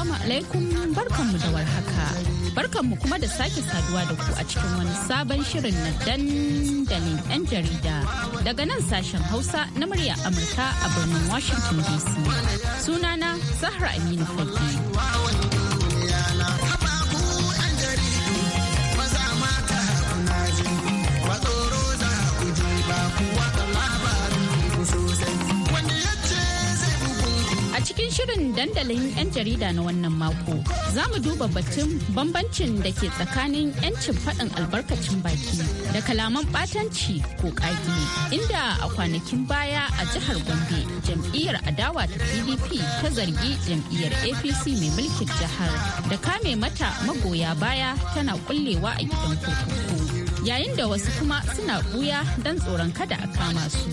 Assalamu alaikum barkanmu da warhaka. Barkanmu kuma da sake saduwa da ku a cikin wani sabon shirin na dandalin 'yan jarida daga nan sashen Hausa na murya Amurka a birnin Washington DC. Sunana Zahra Aminu Fage. cikin shirin dandalin 'yan jarida na wannan mako za mu duba batun bambancin da ke tsakanin 'yancin faɗin albarkacin baki da kalaman ɓatanci ko ƙage inda a kwanakin baya a jihar gombe jam'iyyar adawa ta pdp ta zargi jam'iyyar apc mai mulkin jihar da kame mata magoya baya tana kullewa a gidan kurkuku yayin da wasu kuma suna buya don tsoron kada a kama su.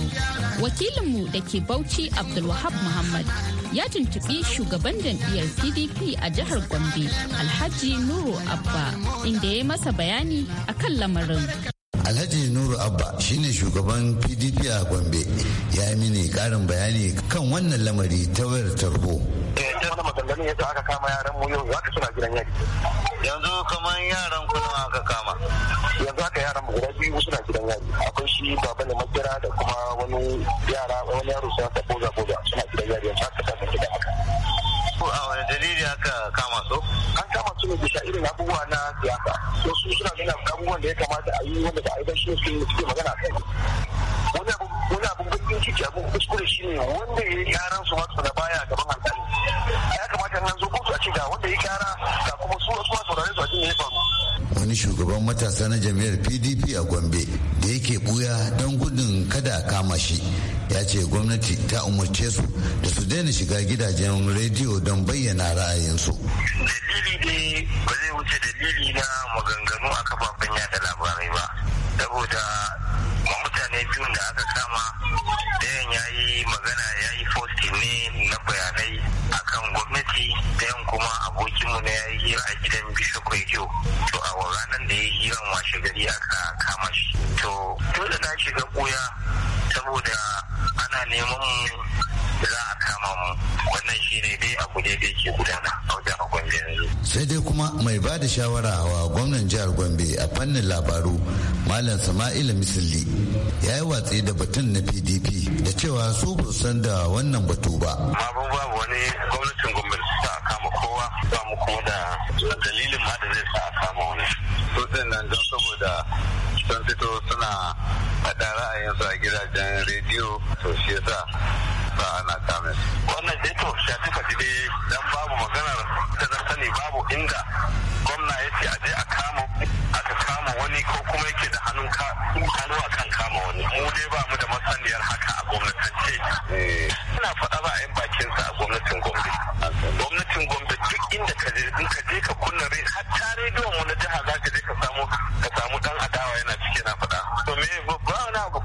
Wakilinmu da ke Bauchi Abdulwahab Muhammad ya tuntuɓi shugaban jam'iyyar PDP a jihar Gombe Alhaji Nuru Abba inda ya masa bayani a kan lamarin. Alhaji Nuru Abba shine shugaban PDP a Gombe ya mini karin bayani kan wannan lamari ta wayar tarho. wani maganganu yadda aka kama yaran mu yau za ka suna gidan yari yanzu kamar yaran kuma aka kama yanzu aka yaran mu guda biyu suna gidan yari akwai shi baba ne makera da kuma wani yara wani yaro suna ta boza boza suna gidan yari yanzu aka kasance da haka su a wani dalili aka kama su an kama su ne bisa irin abubuwa na siyasa so su suna gina abubuwan da ya kamata a yi wanda ba a yi ba shi ne suke magana a kai wani abu wani abun bakin ciki abu kuskure shi ne wanda ya yi karan su masu da baya gaban alƙali a ya kamata nan zo kotu a ce ga wanda ya kara ga kuma su wasu masu saurare su a jin ya faru wani shugaban matasa na jami'ar pdp a gombe da yake buya don gudun a kama shi ya ce gwamnati ta umarce su da su daina shiga gidajen rediyo don bayyana ra'ayinsu dalili ne ba zai wuce dalili na maganganu a kafafen yada labarai ba saboda mutane biyun da aka kama dayan ya yi magana ya yi fosti ne na bayanai akan gwamnati dayan kuma abokinmu na ya yi hira a gidan bishop kyau to a ranar da ya yi hiran washe gari aka kama shi to dole na shiga koya saboda ana neman za a kama mu wannan shi ne dai abu ne da ke gudana a wajen gwamnati yanzu. sai dai kuma mai ba da shawara wa gwamnan jihar gombe a fannin labaru malam sama'ila misali ya yi watsi da batun na pdp da cewa su ba san da wannan batu ba. ma babu wani gwamnatin gombe sa kama kowa ba mu kuma da dalilin ma da zai sa a kama wani. sosai nan don saboda sun fito suna faɗa ra'ayinsu a gidajen rediyo to shi yasa sa ana kame wannan dai to shafi faɗi dan babu maganar ta na sani babu inda gwamna ya ce a a kama aka kama wani ko kuma yake da hannun hannu a kan kama wani mu dai ba mu da masaniyar haka a gwamnatance suna eh, faɗa ba a yin bakinsa a gwamnatin gombe gwamnatin gombe duk inda ka je in ka je ka kunna hatta rediyon wani jiha za ka je ka samu ka samu dan adawa yana cike na faɗa to me ba wani abu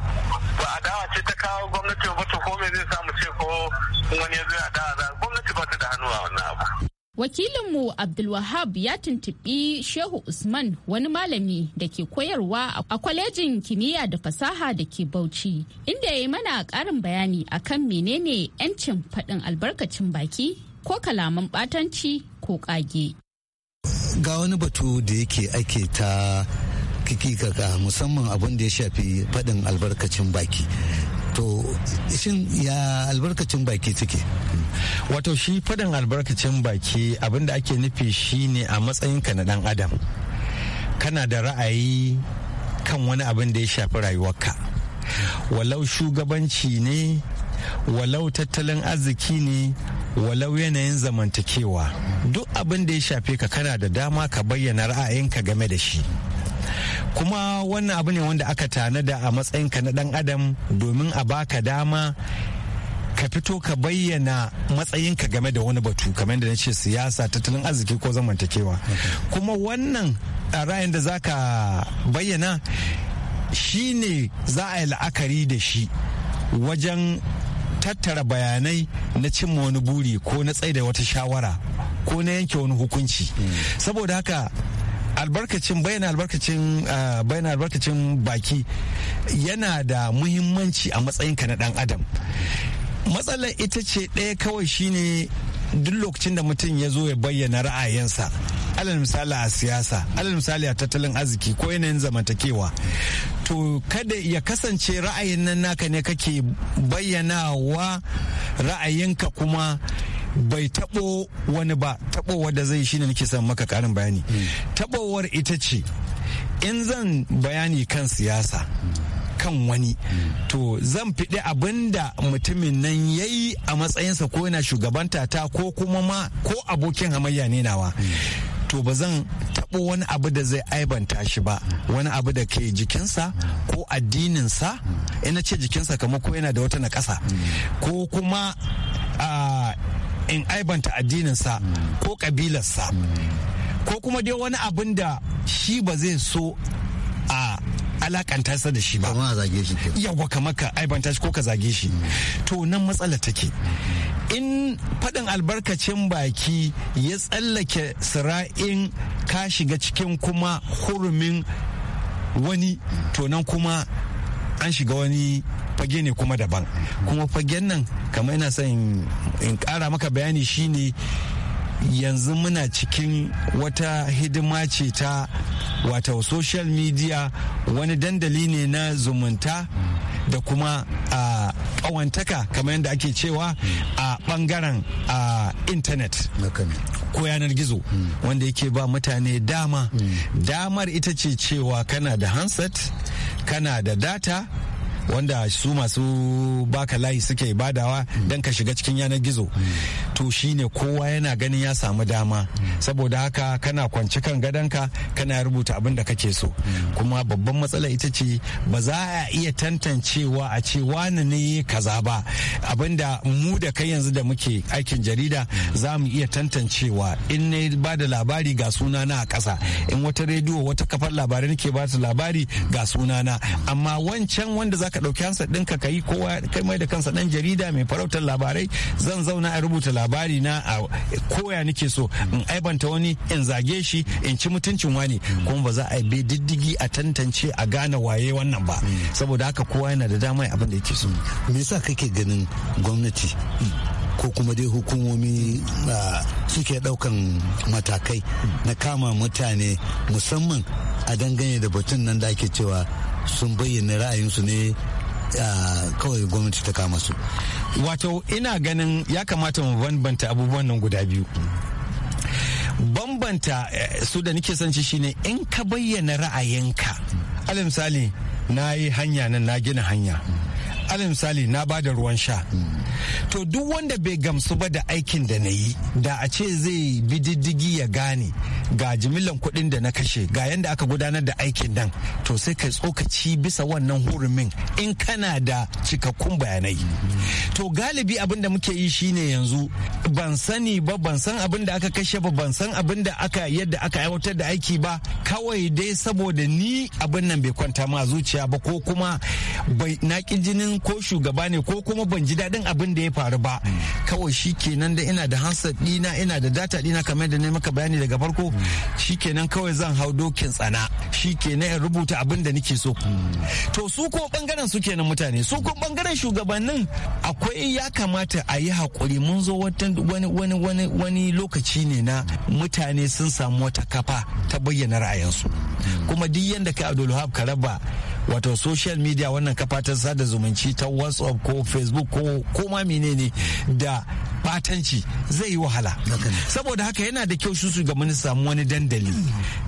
ba adawa ce ta kawo gwamnatin ba to ko me zai samu wakilin wani Wakilinmu Abdulwahab ya tuntuɓi Shehu Usman wani malami da ke koyarwa a kwalejin kimiyya da fasaha da ke Bauchi, inda ya yi mana ƙarin bayani a kan menene 'yancin faɗin albarkacin baki ko kalaman ɓatanci ko ƙage. Ga wani batu da yake ake ta kikikaka musamman abin da ya shafi faɗin albarkacin baki. to shin ya albarkacin baki suke wato shi faɗin albarkacin baki abinda ake nufi ne a matsayinka na dan adam kana da ra'ayi kan wani abin da ya shafi rayuwarka walau shugabanci ne walau tattalin arziki ne walau yanayin zamantakewa duk abin da ya shafe ka kana da dama ka bayyana ra'ayinka game da shi kuma wannan abu ne wanda aka tanada a matsayinka na dan adam domin a baka dama ka fito ka bayyana matsayinka game da wani batu kamar da na ce siyasa tattalin arziki ko zamantakewa kuma wannan ra'ayin da za ka bayyana shi ne za a yi la'akari da shi wajen tattara bayanai na cimma wani buri ko na tsaida wata shawara ko na yanke wani hukunci hmm. saboda haka albarkacin bayyana albarkacin ah, bayyana albarkacin baki yana da muhimmanci a matsayinka na dan adam matsalar ita ce ɗaya kawai shine duk lokacin da mutum ya zo ya bayyana ra'ayinsa alal misali a siyasa alal misali a tattalin arziki ko yanayin zamantakewa to kada ya kasance ra'ayin nan naka ne kake bayyanawa ra'ayinka kuma bai taɓo wani ba taɓowar da zai shine nake son maka karin bayani hmm. taɓowar ita ce in zan bayani kan siyasa kan wani hmm. to zan fiɗi abinda mutumin nan ya yi a matsayinsa ko yana shugabanta ta ko kuma ma ko abokin hamayya ne nawa hmm. to ba zan taɓo wani abu da zai aibanta shi ba wani abu da ke jikinsa ko addininsa ina ce jikinsa kamar ko yana da wata na ƙasa ko kuma ah, in aibanta addininsa ko kabilarsa ko kuma dai wani abin da shi ba zai so a alakantarsa da shi ba kamar zage shi yawa kamar ka aibanta shi ko ka zage shi to nan matsala take in faɗin albarkacin baki ya tsallake sira'in ka shiga cikin kuma hurumin wani to nan kuma an shiga wani fage ne kuma daban kuma fagen nan kamar ina son in kara maka bayani shine yanzu muna cikin wata hidima ce ta wata social media wani dandali ne na zumunta da kuma a kawantaka kamar yadda ake cewa a bangaren a intanet ko yanar gizo hmm. wanda yake ba mutane dama hmm. damar ita ce cewa kana da handset kana da data wanda su masu baka layi suke badawa don ka shiga cikin yanar gizo to shine kowa yana ganin ya samu dama saboda haka kana kwanci kan gadonka kana rubuta abin da kake so kuma babban matsala ita ce ba za a iya tantancewa a ce wani ne kaza ba abinda mu da kai yanzu da muke aikin jarida za mu iya tantancewa in ne ba da labari ga sunana a kasa in wata rediyo wata kafar labarai nake ba ta labari ga sunana amma wancan wanda zaka ɗauki hansa ɗinka ka yi kowa kai mai da kansa ɗan jarida mai farautar labarai zan zauna a rubuta labarai labari na a koya nake so in aibanta wani in zage shi in ci mutuncin wani kuma ba za a bi diddigi a tantance a gane waye wannan ba saboda haka kowa yana da dama abin da yake so me yasa kake ganin gwamnati ko kuma dai hukumomi suke daukan matakai na kama mutane musamman a dangane da batun nan da ake cewa sun bayyana ra'ayinsu ne kawai gwamnati ta kama su wato ina ganin ya kamata mu bambanta abubuwan nan guda biyu bambanta eh, su da nike son shine in ka bayyana ra'ayinka alal misali na yi hanya nan na gina hanya alal misali na ba da ruwan sha to duk wanda bai gamsu ba da aikin da na yi da a ce zai bi diddigi ya gane ga jimillan kuɗin da na kashe ga yadda aka gudanar da aikin nan to sai ka tsokaci bisa wannan hurumin in kana da cikakkun bayanai to galibi abin da muke yi shine yanzu ban sani ba ban san abin da aka kashe ba ban san abin da aka yadda aka aiwatar da aiki ba kawai dai saboda ni abin nan bai kwanta ma zuciya ba ko kuma bai na jinin ko shugaba ne ko kuma ban ji daɗin abin da ya faru ba kawai shi kenan da ina da hansa ɗina ina da data ɗina kamar da ne maka bayani daga farko shikenan kawai zan hau dokin tsana shikenan in rubuta abin da nake so to su ko bangaren su kenan mutane su ko bangaren shugabannin akwai ya kamata a yi hakuri mun zo wani wani wani wani lokaci ne na mutane sun samu wata kafa ta bayyana ra'ayinsu kuma duk yanda kai Abdul ka raba wato social media wannan kafatan sada zumunci ta whatsapp ko facebook ko koma menene da batanci zai yi wahala saboda haka yana da kyau su ga mani samu wani dandali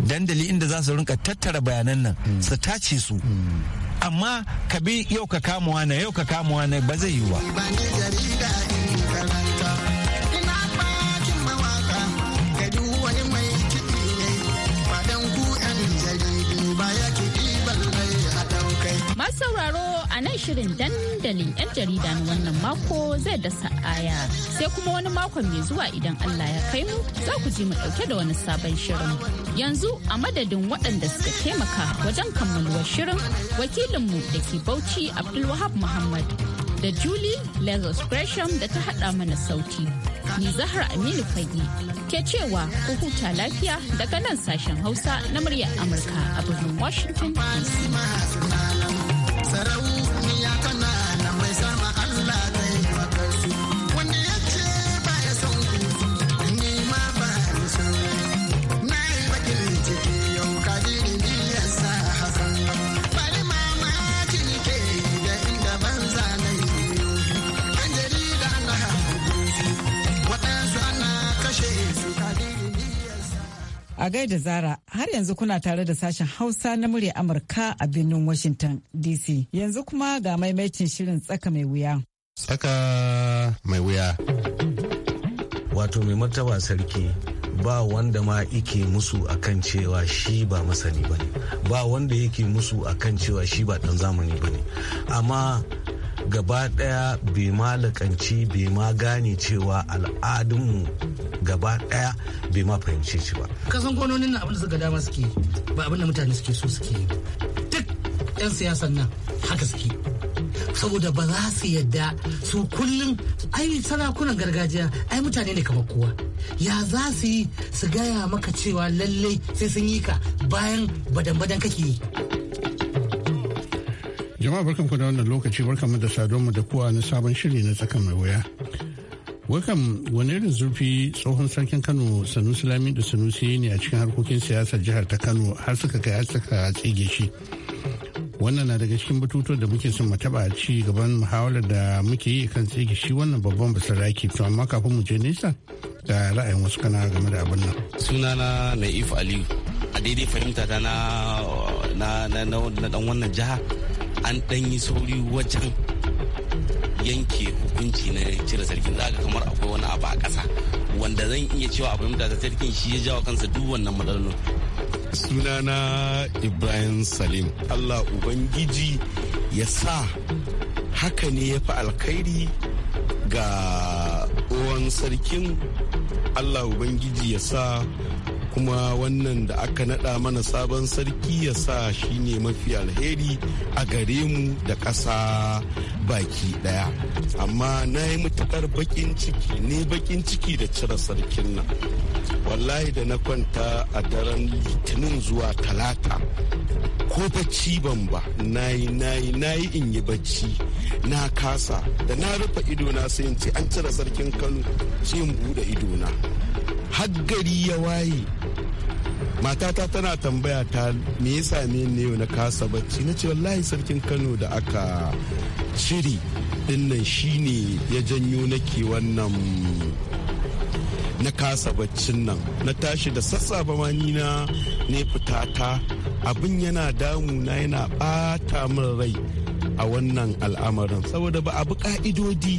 dandali inda za su rinka tattara bayanan nan mm. su tace su mm. amma ka bi yau ka kama na yau ka kama na ba zai yi ba sauraro a nan shirin dandalin 'yan jarida na wannan mako zai da sa'aya sai kuma wani mako mai zuwa idan Allah ya kai mu za ku ji mu dauke da wani sabon shirin. Yanzu a madadin waɗanda suka taimaka wajen kammaluwar shirin wakilinmu da ke Bauchi Abdulwahab Muhammad da Julie Lazarus Gresham da ta haɗa mana sauti. Ni zahar Aminu Fage ke cewa ku huta lafiya daga nan sashen Hausa na muryar Amurka a birnin Washington DC. sarau A gaida Zara, har yanzu kuna tare da sashen Hausa na murya Amurka a birnin Washington DC. Yanzu kuma ga maimaitin shirin tsaka mai wuya. Tsaka mai wuya. Wato mai martaba sarki ba wanda ma ike musu akan cewa shi ba masani ba ne, ba wanda yake musu akan cewa shi ba dan zamani ba ne. Amma gaba daya bai malakanci bai ma gane cewa al'adunmu gaba daya bai ma fahimce shi ba. kasan gwanonin na abin da suka dama suke ba abin da mutane suke so suke yi duk 'yan siyasan nan haka suke saboda ba za su yadda su kullum ai sarakunan gargajiya ai mutane ne kamar kowa ya za su yi su gaya maka cewa lallai sai sun yi ka bayan badan-badan kake yi. Jama'a barkanku da wannan lokaci barkanmu da mu da kowa na sabon shiri na tsakan mai wuya. Wakan wani irin zurfi tsohon sarkin Kano Sanusi da Sanusi ne a cikin harkokin siyasar jihar ta Kano har suka kai har suka tsige shi. Wannan na daga cikin batutuwan da muke son mataba a ci gaban muhawarar da muke yi kan tsige shi wannan babban basaraki to amma kafin mu je nesa ga ra'ayin wasu kana game da abin nan. Sunana Naif Aliyu a daidai fahimta ta na na na dan wannan jiha an ɗan yi sauri wajen yanke hukunci na cire sarkin za kamar akwai wani abu a ƙasa wanda zan iya cewa abin da ta sarkin shi ya jawo kansa duk wannan matsalolin sunana ibrahim salim allah ubangiji ya sa haka ne ya fi alkhairi ga uwan sarkin allah ubangiji ya sa kuma wannan da aka naɗa mana sabon sarki ya sa shi ne mafi alheri a gare mu da ƙasa baki ɗaya amma na yi matuƙar baƙin ciki ne baƙin ciki da cire sarkin nan wallahi da na kwanta a daren litinin zuwa talata ko bacci ban ba yi na yi in yi bacci na kasa da na rufe idona sai in ce an cire sarkin kano sai in buɗe idona haggari ya waye matata tana tambaya ta me ya same ni yau na kasa bacci na ce wallahi sarkin kano da aka shiri dinnan shine ya janyo nake wannan na kasa baccin nan na tashi da sassafe ma na ne fitata abin yana damuna yana bata min rai a wannan al'amarin saboda ba abu ka'idodi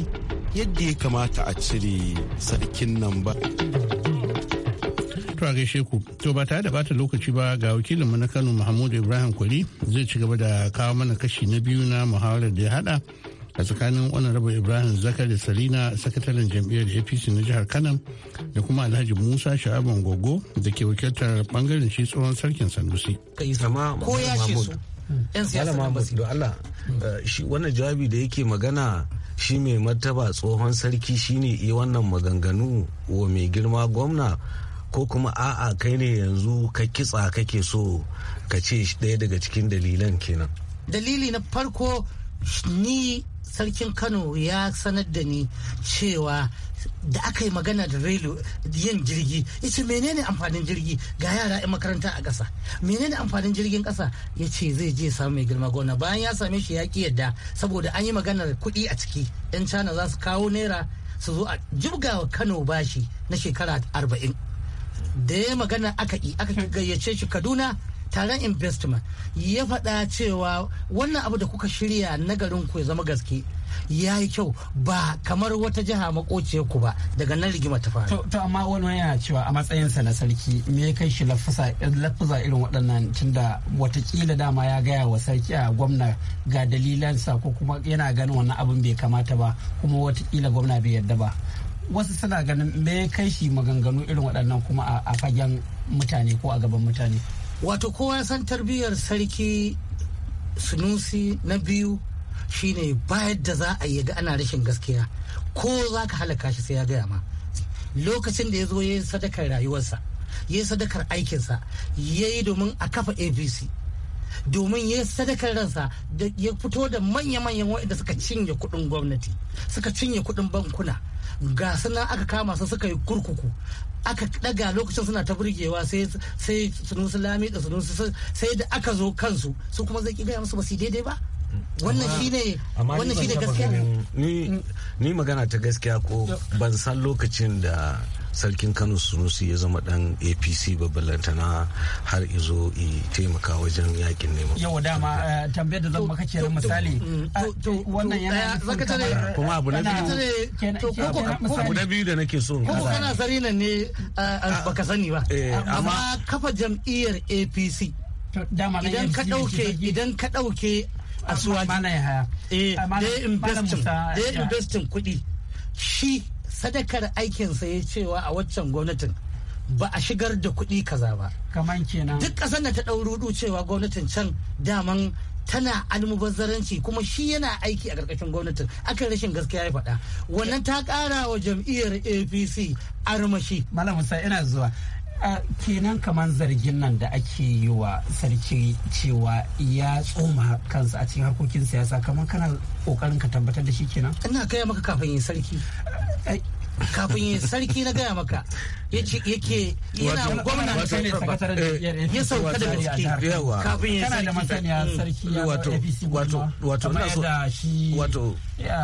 yadda ya kamata a cire sarkin nan ba. Dr. gaishe ku. To ba tare da bata lokaci ba ga wakilinmu na Kano Muhammadu Ibrahim Kwari zai ci gaba da kawo mana kashi na biyu na muhawarar da ya hada a tsakanin Honorable Ibrahim zakar da Salina sakataren jam'iyyar APC na jihar Kano da kuma Alhaji Musa Sha'aban Gogo da ke wakiltar bangaren shi tsohon sarkin Sanusi. Ko ya ce su. Yan siyasa Allah eh, shi wannan jawabi da yake magana shi mai martaba tsohon sarki shine iya wannan maganganu wa mai girma gwamna ko kuma a'a kai ne yanzu ka kitsa kake so ka ce ɗaya daga cikin dalilan kenan dalili na farko ni sarkin kano ya sanar da ni cewa da aka yi magana da railo yin jirgi ita menene amfanin jirgi ga yara 'yan makaranta a ƙasa menene amfanin jirgin ƙasa ya ce zai je samu mai girma gona bayan ya same shi ya ki yadda saboda an yi maganar kuɗi a ciki 'yan cana za su kawo naira su zo a jibgawa kano bashi na shekara arba'in da ya magana aka yi aka gayyace shi kaduna taron investment ya faɗa cewa wannan abu da kuka shirya na garin ku ya zama gaske ya yi kyau ba kamar wata jiha makociyar ku ba daga nan rigima ta faru. To amma wani yana cewa a matsayinsa na sarki me ya kai shi lafuza irin waɗannan tunda watakila dama ya gaya wa sarki a gwamna ga dalilansa ko kuma yana ganin wannan abin bai kamata ba kuma watakila gwamna bai yarda ba wasu suna ganin me kai shi maganganu irin waɗannan kuma a fagen mutane ko a gaban mutane wato kowa san tarbiyyar sarki sunusi na biyu shine bayar da za a yaga ana rashin gaskiya ko za ka halaka shi sai ya gaya ma lokacin da ya zo ya yi sadakar rayuwarsa ya yi sadakar aikinsa ya yi domin a kafa abc domin ya sadakar ransa da ya fito da manya-manyan waɗanda suka cinye kuɗin gwamnati suka cinye kuɗin bankuna ga suna aka kama su suka yi kurkuku aka daga lokacin suna ta burgewa sai sai sunu sulami da sunu sai da aka zo kansu su kuma zai kiga musu ba su daidai ba wannan shine wannan shine gaskiya mm. ni magana ta gaskiya ko ban san lokacin da sarkin kano sunusi ya zama dan apc babalantana har izo i taimaka wajen yakin neman yau dama eh, tambayar da zan maka da misali eh, wannan yana eh, kuma abu na biyu abu na biyu da nake so ko kana sani ne baka sani ba amma kafa jam'iyyar apc idan ka dauke idan ka dauke a suwaji eh investin kuɗi shi sadakar aikinsa ya cewa a waccan gwamnatin ba a shigar da kuɗi kaza ba. Kaman kenan. Duk ƙasar da ta ɗau cewa gwamnatin can daman tana almubazzaranci kuma shi yana aiki a ƙarƙashin gwamnatin akan rashin gaskiya ya faɗa. Wannan ta ƙara wa jam'iyyar APC armashi. Malam Musa ina zuwa. kenan kamar zargin nan da ake yi wa sarki cewa ya tsoma kansa a cikin harkokin siyasa kamar kana kokarin ka tabbatar da shi kenan ina kai maka kafin yin sarki kafin yin sarki na gaya maka yake yana gwamna eh, a ya sauka daga ciki kafin yin sarki da masaniya mm. sarki ya wato wato wato ina so wato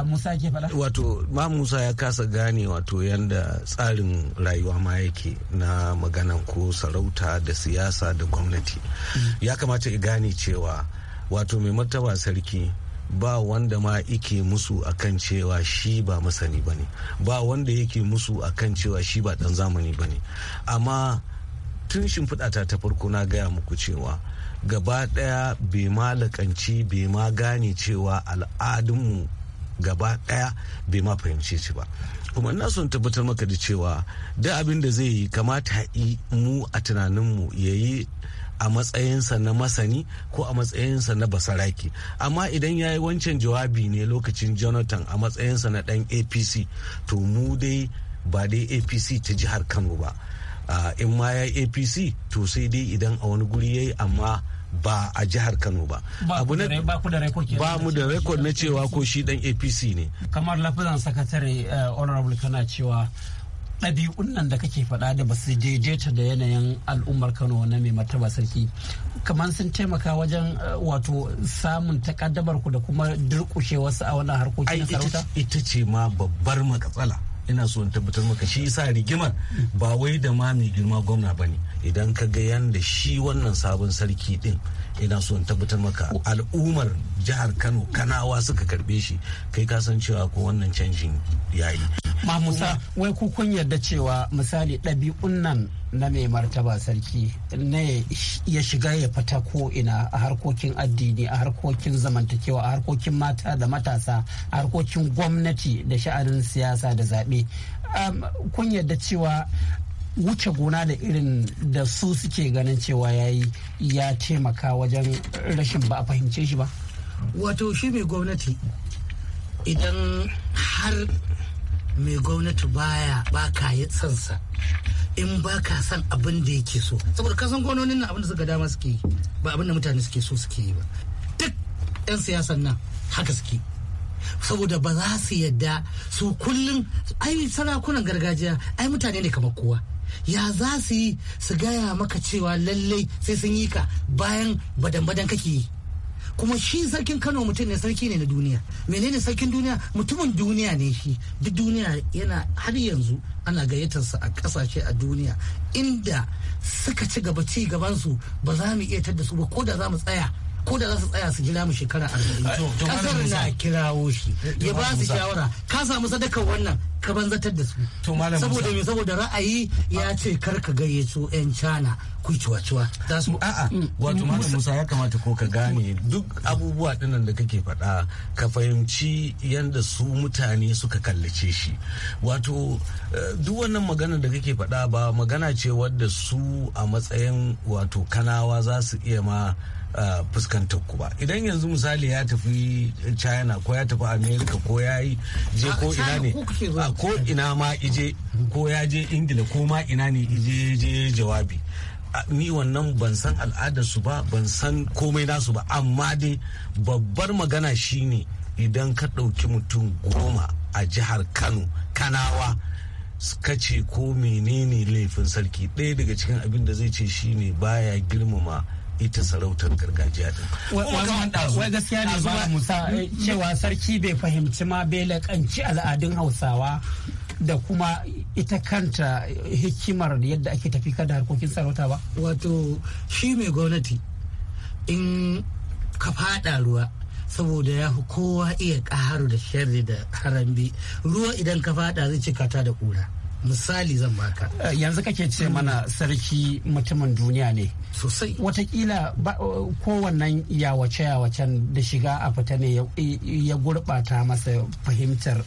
Musa ke fada wato ma Musa ya kasa gane wato yanda tsarin rayuwa ma yake na maganan ko sarauta da siyasa da gwamnati mm. ya kamata ya gane cewa wato mai martaba sarki ba wanda ma ike musu akan cewa shi ba masani ba ne ba wanda yake musu akan cewa shi ba dan zamani ba ne amma tun shimfiɗata ta farko na gaya muku cewa gaba ɗaya bai ma lakanci bai ma gane cewa al'adunmu gaba ɗaya bai ma fahimce shi ba kuma ina son tabbatar maka da cewa da abin da zai yi kamata yi mu a tunaninmu ya yi a matsayinsa na masani ko a matsayinsa na basaraki amma idan ya yi wancan jawabi ne lokacin jonathan a matsayinsa na dan apc to mu dai ba dai apc ta jihar kano ba in ma ya apc to sai dai idan a wani guri ya yi amma ba a jihar Kano ba. ba mu da rekod na cewa ko shi dan APC ne. Kamar lafizan sakatare eh, honorable kana cewa ɗabi'un nan da kake faɗa da ba su daidaita da yanayin al'ummar kano na mai martaba sarki kamar sun taimaka wajen eh, wato samun takaddamar ku da kuma durkushe wasu a wannan harkokin sarauta ita ce ma babbar makatsala ina so in tabbatar maka shi isa rigimar ba wai da ma mai girma gwamna ba ne idan ka ga yanda shi wannan sabon sarki din ina so in tabbatar maka al'ummar jihar kano kanawa suka karbe shi kai ka san cewa ko wannan canjin yayi ma musa wai ku kun yarda cewa misali ɗabi'un nan na mai martaba sarki ne ya shiga ya fita ko ina a harkokin addini a harkokin zamantakewa a harkokin mata da matasa a harkokin gwamnati da sha'anin siyasa da zaɓe kun yarda cewa wuce gona da irin da su suke ganin cewa ya yi ya taimaka wajen rashin ba a fahimce shi ba wato shi mai gwamnati idan har mai gwamnati baya baka ya tsansa in baka son abin da yake so saboda kasan gwanonin na abin da suka dama suke ba abin da mutane suke so suke yi ba duk 'yan siyasan nan haka suke saboda ba za su yadda su kullum ai sarakunan gargajiya ai mutane ne kamar kowa ya za su yi su gaya maka cewa lallai sai sun yi ka bayan badan-badan kake yi kuma shi sarkin kano mutum ne sarki ne na duniya menene sarkin duniya mutumin duniya ne shi duk duniya yana har yanzu ana gayyatarsa a kasashe a duniya inda suka ci gaba ci gabansu ba za mu iya tadda su ba ko da za mu tsaya ko da za su tsaya su jira mu shekara arba'in kasar na kirawo shi ya ba su shawara ka samu sadakar wannan ka banzatar da su saboda me saboda ra'ayi ya ce kar ka gayyato yan cana ku ciwa-ciwa za su a'a mm. Mm. wato malam musa ya kamata ko ka gane duk abubuwa dinnan da kake faɗa ka fahimci yadda su mutane suka kallace shi wato eh, duk wannan magana da kake faɗa ba magana ce wadda su a matsayin wato kanawa za su iya ma fuskantar ku ba idan yanzu misali ya tafi china ko ya tafi america ko ya yi je ko ina ne ko ina ma ije ko ya je ingila ko ma ina ne ije je jawabi ni wannan ban san su ba ban san komai nasu ba amma dai babbar magana shine idan ka ɗauki mutum goma a jihar kano kanawa ka ce ko menene laifin sarki ɗaya daga cikin abin da zai ce shine baya girmama ita sarautar gargajiya din. Wai gaskiya ne ba musa hmm? eh, cewa sarki bai fahimci ma bai laƙanci al'adun Hausawa da kuma ita kanta hikimar yadda ake tafi da harkokin sarauta ba. Wato shi mai gwamnati in ka faɗa ruwa saboda ya kowa iya ƙaharu da sharri da harambe ruwa idan ka faɗa zai cika ta da kura. misali zan baka eh, yanzu kake ce mana sarki mutumin duniya ne sosai watakila eh, kowannan yawace yawacen da shiga a fita ne ya gurɓata masa fahimtar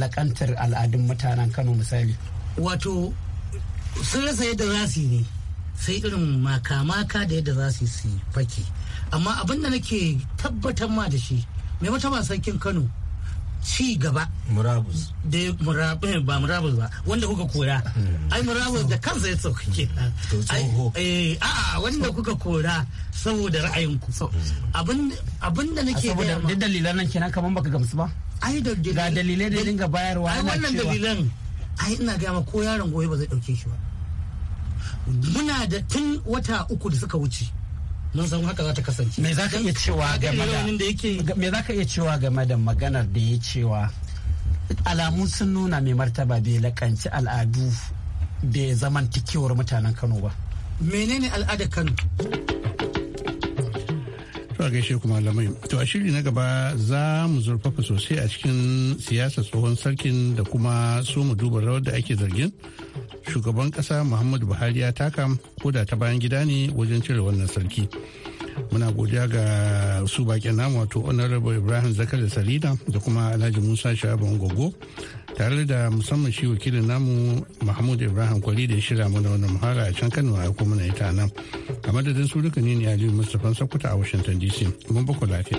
lakantar al'adun mutanen kano misali wato sun rasa yadda za su ne sai irin makamaka da yadda za su yi fake amma abin da nake tabbatar ma da shi mai wata sarkin kano ci gaba murabus da murabus eh, ba murabus ba wanda kuka kora ai murabus da kansa ya sauka ke eh, a wanda kuka kora saboda ra'ayinku abin abin da nake ma. saboda dalilan nan kenan kaman baka gamsu ba ai da ga dalilai da dinga bayarwa ai wannan dalilan ai ina ga ko yaron goye ba zai dauke shi ba muna da tun wata uku da suka wuce mun san haka za ta kasance me za ka iya cewa game da maganar da ya cewa alamu sun nuna mai martaba bai lakanci al'adu ya zaman tikewar mutanen kano ba menene al'adar kano to a gaishe kuma malamai to a shiri na gaba za mu zurfafa sosai a cikin siyasa tsohon sarkin da kuma so mu duba rawar da ake zargin shugaban kasa muhammadu buhari ya taka koda ta bayan gida ne wajen cire wannan sarki muna godiya ga su bakin namu wato honorable ibrahim zakar da salina da kuma alhaji musa shaban gogo tare da musamman shi wakilin namu mahmud ibrahim kwali da ya shirya mana wannan muhara a can kano a kuma na ita nan a madadin su duka ne ne aliyu mustapha sakuta a washington dc mun bako lafiya